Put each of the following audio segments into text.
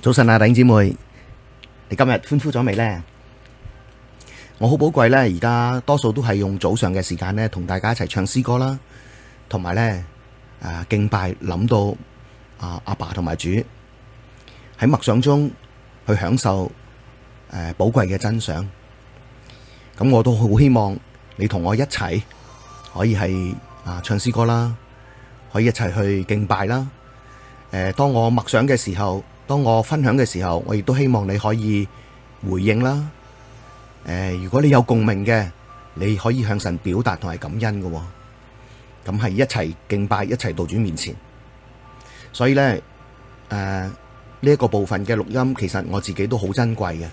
早晨啊，弟兄姊妹，你今日歡呼咗未呢？我好寶貴咧，而家多數都係用早上嘅時間咧，同大家一齊唱詩歌啦，同埋咧誒敬拜，諗到阿阿爸同埋主喺默想中去享受誒寶貴嘅真相。咁我都好希望你同我一齊可以係啊唱詩歌啦，可以一齊去敬拜啦。誒，當我默想嘅時候。當我分享嘅時候，我亦都希望你可以回應啦。誒，如果你有共鳴嘅，你可以向神表達同係感恩嘅。咁係一齊敬拜，一齊到主面前。所以呢，誒呢一個部分嘅錄音，其實我自己都好珍貴嘅。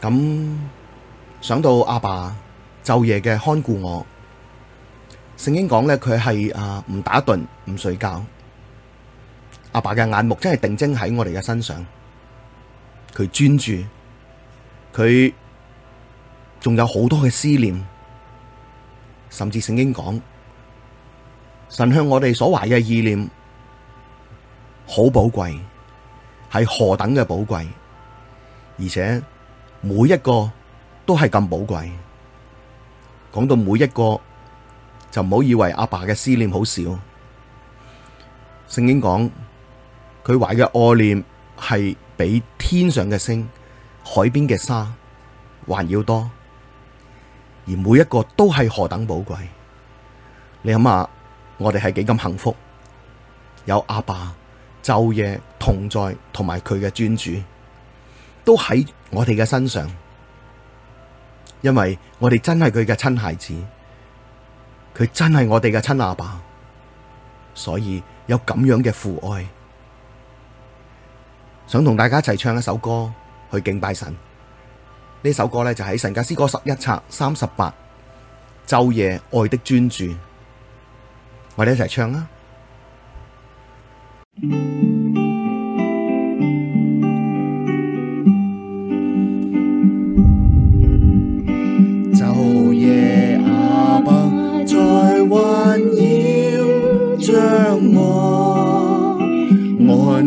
咁想到阿爸晝夜嘅看顧我，聖經講呢佢係啊唔打盹唔睡覺。阿爸嘅眼目真係定睛喺我哋嘅身上，佢專注，佢仲有好多嘅思念，甚至聖經講，神向我哋所懷嘅意念好寶貴，係何等嘅寶貴，而且每一個都係咁寶貴。講到每一個，就唔好以為阿爸嘅思念好少，聖經講。佢懷嘅愛念係比天上嘅星、海邊嘅沙還要多，而每一個都係何等寶貴。你諗下，我哋係幾咁幸福，有阿爸，爸晝夜同在，同埋佢嘅專注都喺我哋嘅身上，因為我哋真係佢嘅親孩子，佢真係我哋嘅親阿爸，所以有咁樣嘅父愛。想同大家一齊唱一首歌去敬拜神，呢首歌呢，就喺《神家詩歌》十一冊三十八，晝夜愛的專注，我哋一齊唱啊！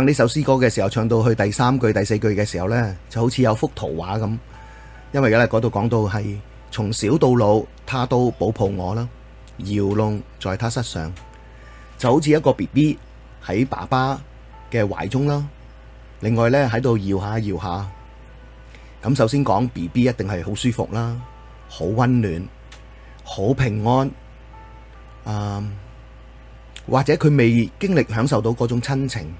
唱呢首詩歌嘅時候，唱到去第三句、第四句嘅時候呢，就好似有幅圖畫咁。因為而家嗰度講到係從小到老，他都保抱我啦，搖弄在他膝上，就好似一個 B B 喺爸爸嘅懷中啦。另外呢，喺度搖下搖下。咁首先講 B B 一定係好舒服啦，好溫暖，好平安。嗯，或者佢未經歷享受到嗰種親情。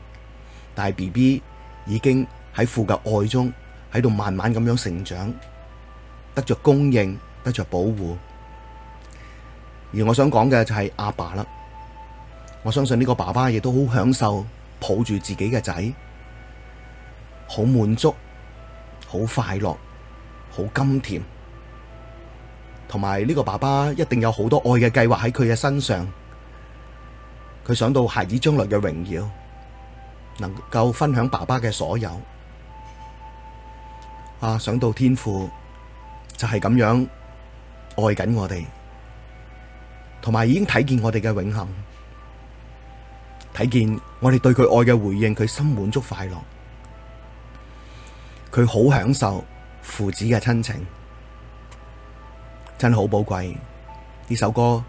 但係 B B 已經喺父嘅愛中喺度慢慢咁樣成長，得着供應，得着保護。而我想講嘅就係阿爸啦，我相信呢個爸爸亦都好享受抱住自己嘅仔，好滿足，好快樂，好甘甜。同埋呢個爸爸一定有好多愛嘅計劃喺佢嘅身上，佢想到孩子將來嘅榮耀。能夠分享爸爸嘅所有，啊，想到天父就係咁樣愛緊我哋，同埋已經睇見我哋嘅永恆，睇見我哋對佢愛嘅回應，佢心滿足快樂，佢好享受父子嘅親情，真係好寶貴。呢首歌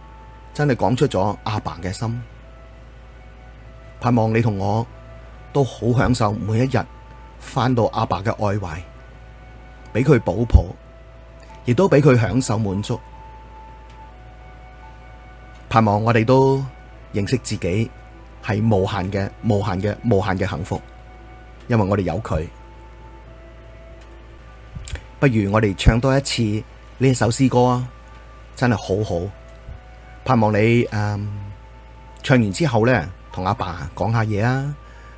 真係講出咗阿爸嘅心，盼望你同我都好享受每一日翻到阿爸嘅愛懷，俾佢保抱，亦都俾佢享受滿足。盼望我哋都認識自己係無限嘅、無限嘅、無限嘅幸福，因為我哋有佢。不如我哋唱多一次呢首詩歌啊！真係好好。盼望你誒、嗯，唱完之後呢，同阿爸講下嘢啊！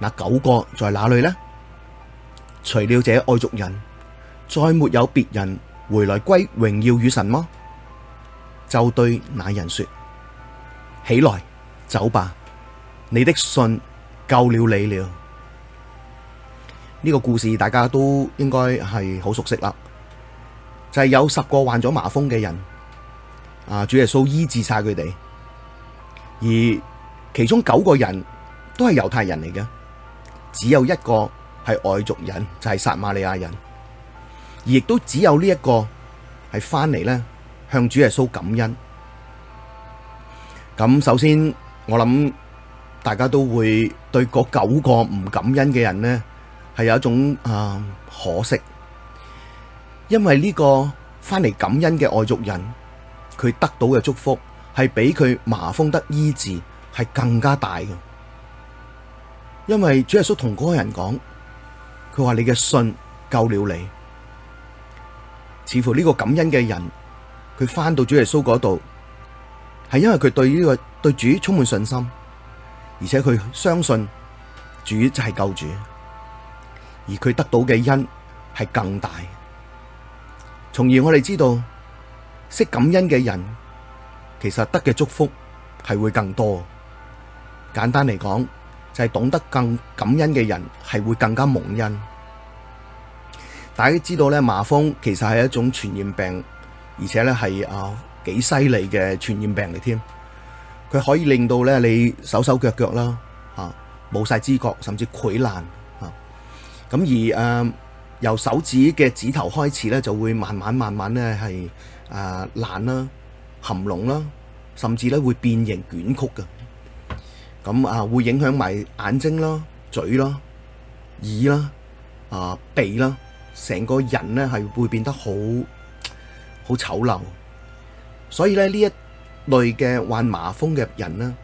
那九個在哪裡呢？除了這外族人，只有一個係外族人，就係撒瑪利亞人，而亦都只有呢一個係翻嚟，呢向主耶穌感恩。咁首先我諗，大家都會對嗰九個唔感恩嘅人呢，係有一種啊可惜，因為呢個翻嚟感恩嘅外族人，佢得到嘅祝福係比佢麻風得醫治係更加大嘅。因為主耶穌同嗰個人講，佢話你嘅信救了你，似乎呢個感恩嘅人，佢翻到主耶穌嗰度，係因為佢對呢個對主充滿信心，而且佢相信主就係救主，而佢得到嘅恩係更大。從而我哋知道，識感恩嘅人，其實得嘅祝福係會更多。簡單嚟講。就係懂得更感恩嘅人，係會更加蒙恩。大家知道咧，麻風其實係一種傳染病，而且咧係啊幾犀利嘅傳染病嚟添。佢可以令到咧你手手腳腳啦，啊，冇晒知覺，甚至潰爛啊。咁而誒、呃，由手指嘅指頭開始咧，就會慢慢慢慢咧係啊爛啦、含膿啦，甚至咧會變形捲曲嘅。咁啊，會影響埋眼睛啦、嘴啦、耳啦、啊鼻啦，成個人呢係會變得好好醜陋。所以咧，呢一類嘅患麻風嘅人呢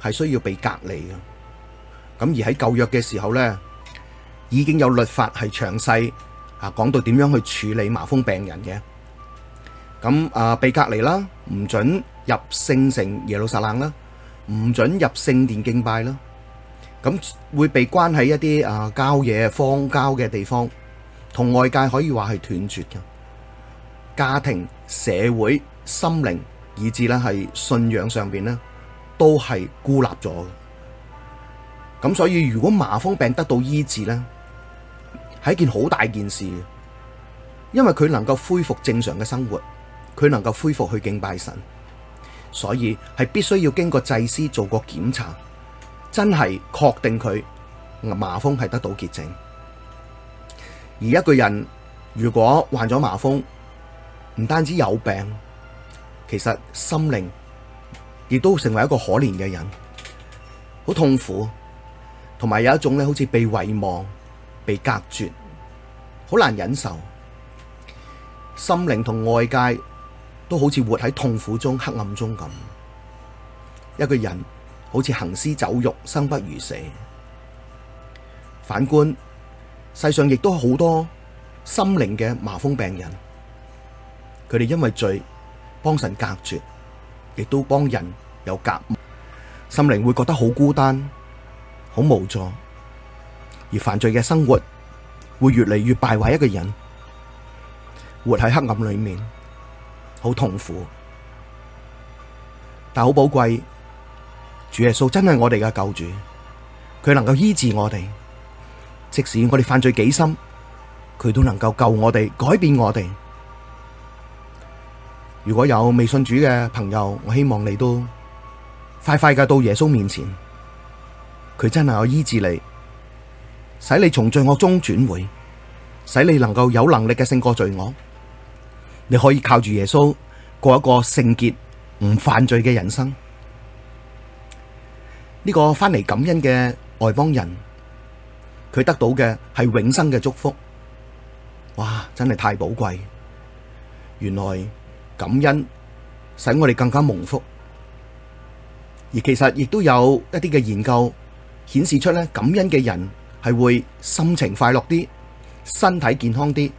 係需要被隔離嘅。咁而喺舊約嘅時候呢，已經有律法係詳細啊講到點樣去處理麻風病人嘅。咁啊，被隔離啦，唔准入聖城耶路撒冷啦。唔准入聖殿敬拜啦，咁會被關喺一啲郊野、荒郊嘅地方，同外界可以話係斷絕嘅，家庭、社會、心靈，以至咧係信仰上邊咧，都係孤立咗。咁所以，如果麻風病得到醫治呢係一件好大件事，因為佢能夠恢復正常嘅生活，佢能夠恢復去敬拜神。所以係必須要經過祭司做個檢查，真係確定佢麻風係得到結症。而一個人如果患咗麻風，唔單止有病，其實心靈亦都成為一個可憐嘅人，好痛苦，同埋有一種咧好似被遺忘、被隔絕，好難忍受，心靈同外界。都好似活喺痛苦中、黑暗中咁，一個人好似行屍走肉、生不如死。反觀世上亦都好多心靈嘅麻風病人，佢哋因為罪幫神隔絕，亦都幫人有隔，心靈會覺得好孤單、好無助，而犯罪嘅生活會越嚟越敗壞一個人，活喺黑暗裏面。好痛苦，但好寶貴。主耶穌真係我哋嘅救主，佢能夠醫治我哋，即使我哋犯罪幾深，佢都能夠救我哋，改變我哋。如果有未信主嘅朋友，我希望你都快快嘅到耶穌面前，佢真係有醫治你，使你從罪惡中轉回，使你能夠有能力嘅勝過罪惡。你可以靠住耶穌過一個聖潔、唔犯罪嘅人生。呢個翻嚟感恩嘅外邦人，佢得到嘅係永生嘅祝福。哇，真係太寶貴！原來感恩使我哋更加蒙福，而其實亦都有一啲嘅研究顯示出咧，感恩嘅人係會心情快樂啲、身體健康啲。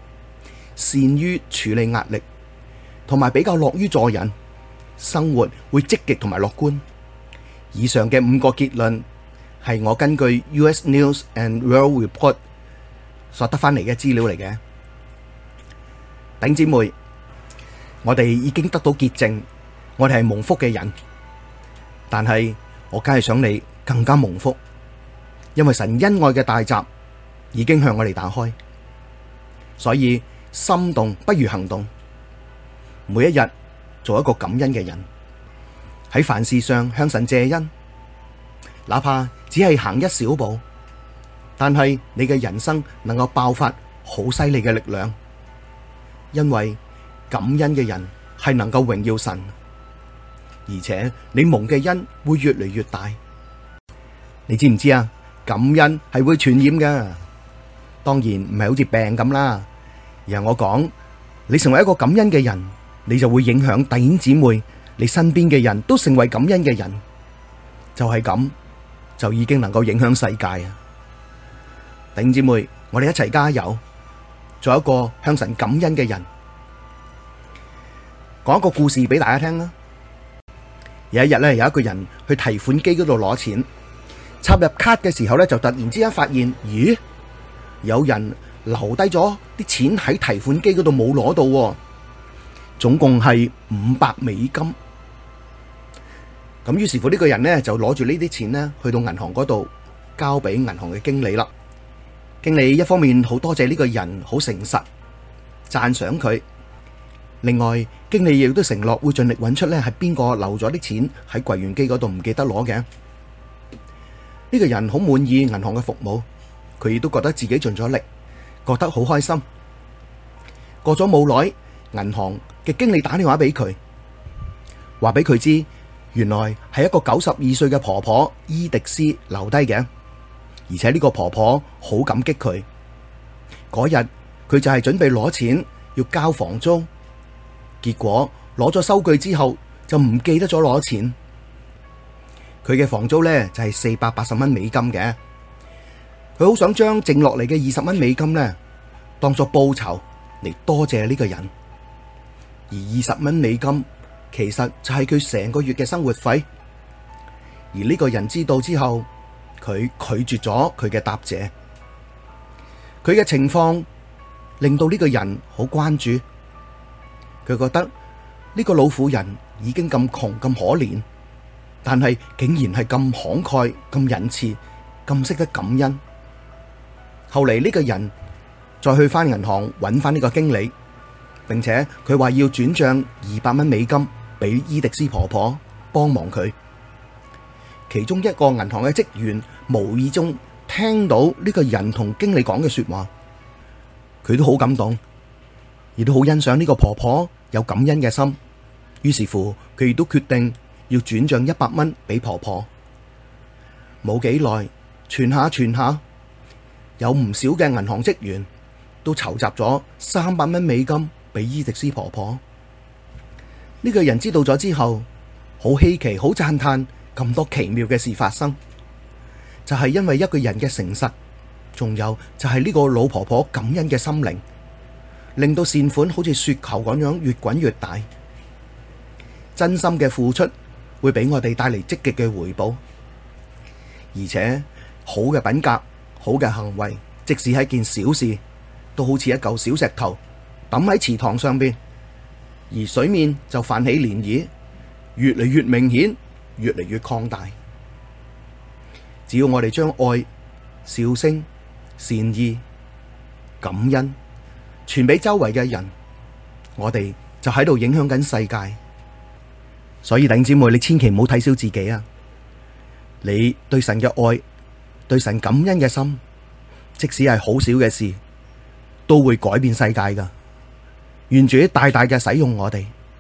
善於處理壓力，同埋比較樂於助人，生活會積極同埋樂觀。以上嘅五個結論係我根據 U.S. News and World Report 所得翻嚟嘅資料嚟嘅。頂姐妹，我哋已經得到潔淨，我哋係蒙福嘅人，但係我梗係想你更加蒙福，因為神恩愛嘅大閘已經向我哋打開，所以。心動不如行動，每一日做一個感恩嘅人，喺凡事上向神借恩，哪怕只係行一小步，但係你嘅人生能夠爆發好犀利嘅力量，因為感恩嘅人係能夠榮耀神，而且你蒙嘅恩會越嚟越大，你知唔知啊？感恩係會傳染噶，當然唔係好似病咁啦。而我講，你成為一個感恩嘅人，你就會影響弟兄姊妹，你身邊嘅人都成為感恩嘅人，就係咁，就已經能夠影響世界啊！弟兄姊妹，我哋一齊加油，做一個向神感恩嘅人。講一個故事俾大家聽啦。有一日呢，有一個人去提款機嗰度攞錢，插入卡嘅時候呢，就突然之間發現，咦，有人留低咗。啲錢喺提款機嗰度冇攞到，總共係五百美金。咁於是乎呢個人呢就攞住呢啲錢呢去到銀行嗰度交俾銀行嘅經理啦。經理一方面好多謝呢個人好誠實，讚賞佢。另外，經理亦都承諾會盡力揾出呢係邊個留咗啲錢喺櫃員機嗰度唔記得攞嘅。呢個人好滿意銀行嘅服務，佢亦都覺得自己盡咗力。覺得好開心。過咗冇耐，銀行嘅經理打電話俾佢，話俾佢知，原來係一個九十二歲嘅婆婆伊迪斯留低嘅，而且呢個婆婆好感激佢。嗰日佢就係準備攞錢要交房租，結果攞咗收據之後就唔記得咗攞錢。佢嘅房租呢，就係四百八十蚊美金嘅。佢好想將剩落嚟嘅二十蚊美金呢，當作報酬嚟多謝呢個人。而二十蚊美金其實就係佢成個月嘅生活費。而呢個人知道之後，佢拒絕咗佢嘅答謝。佢嘅情況令到呢個人好關注。佢覺得呢個老婦人已經咁窮咁可憐，但係竟然係咁慷慨、咁仁慈、咁識得感恩。後嚟呢個人再去翻銀行揾翻呢個經理，並且佢話要轉賬二百蚊美金俾伊迪斯婆婆幫忙佢。其中一個銀行嘅職員無意中聽到呢個人同經理講嘅說話，佢都好感動，亦都好欣賞呢個婆婆有感恩嘅心。於是乎，佢亦都決定要轉賬一百蚊俾婆婆。冇幾耐，傳下傳下。有唔少嘅銀行職員都籌集咗三百蚊美金俾伊迪斯婆婆。呢個人知道咗之後，好稀奇，好讚嘆咁多奇妙嘅事發生，就係因為一個人嘅誠實，仲有就係呢個老婆婆感恩嘅心靈，令到善款好似雪球咁樣越滾越大。真心嘅付出會俾我哋帶嚟積極嘅回報，而且好嘅品格。好嘅行為，即使係件小事，都好似一嚿小石頭抌喺池塘上邊，而水面就泛起漣漪，越嚟越明顯，越嚟越擴大。只要我哋將愛、笑聲、善意、感恩傳俾周圍嘅人，我哋就喺度影響緊世界。所以，弟姐妹，你千祈唔好睇小自己啊！你對神嘅愛。對神感恩嘅心，即使係好少嘅事，都會改變世界噶。願主大大嘅使用我哋。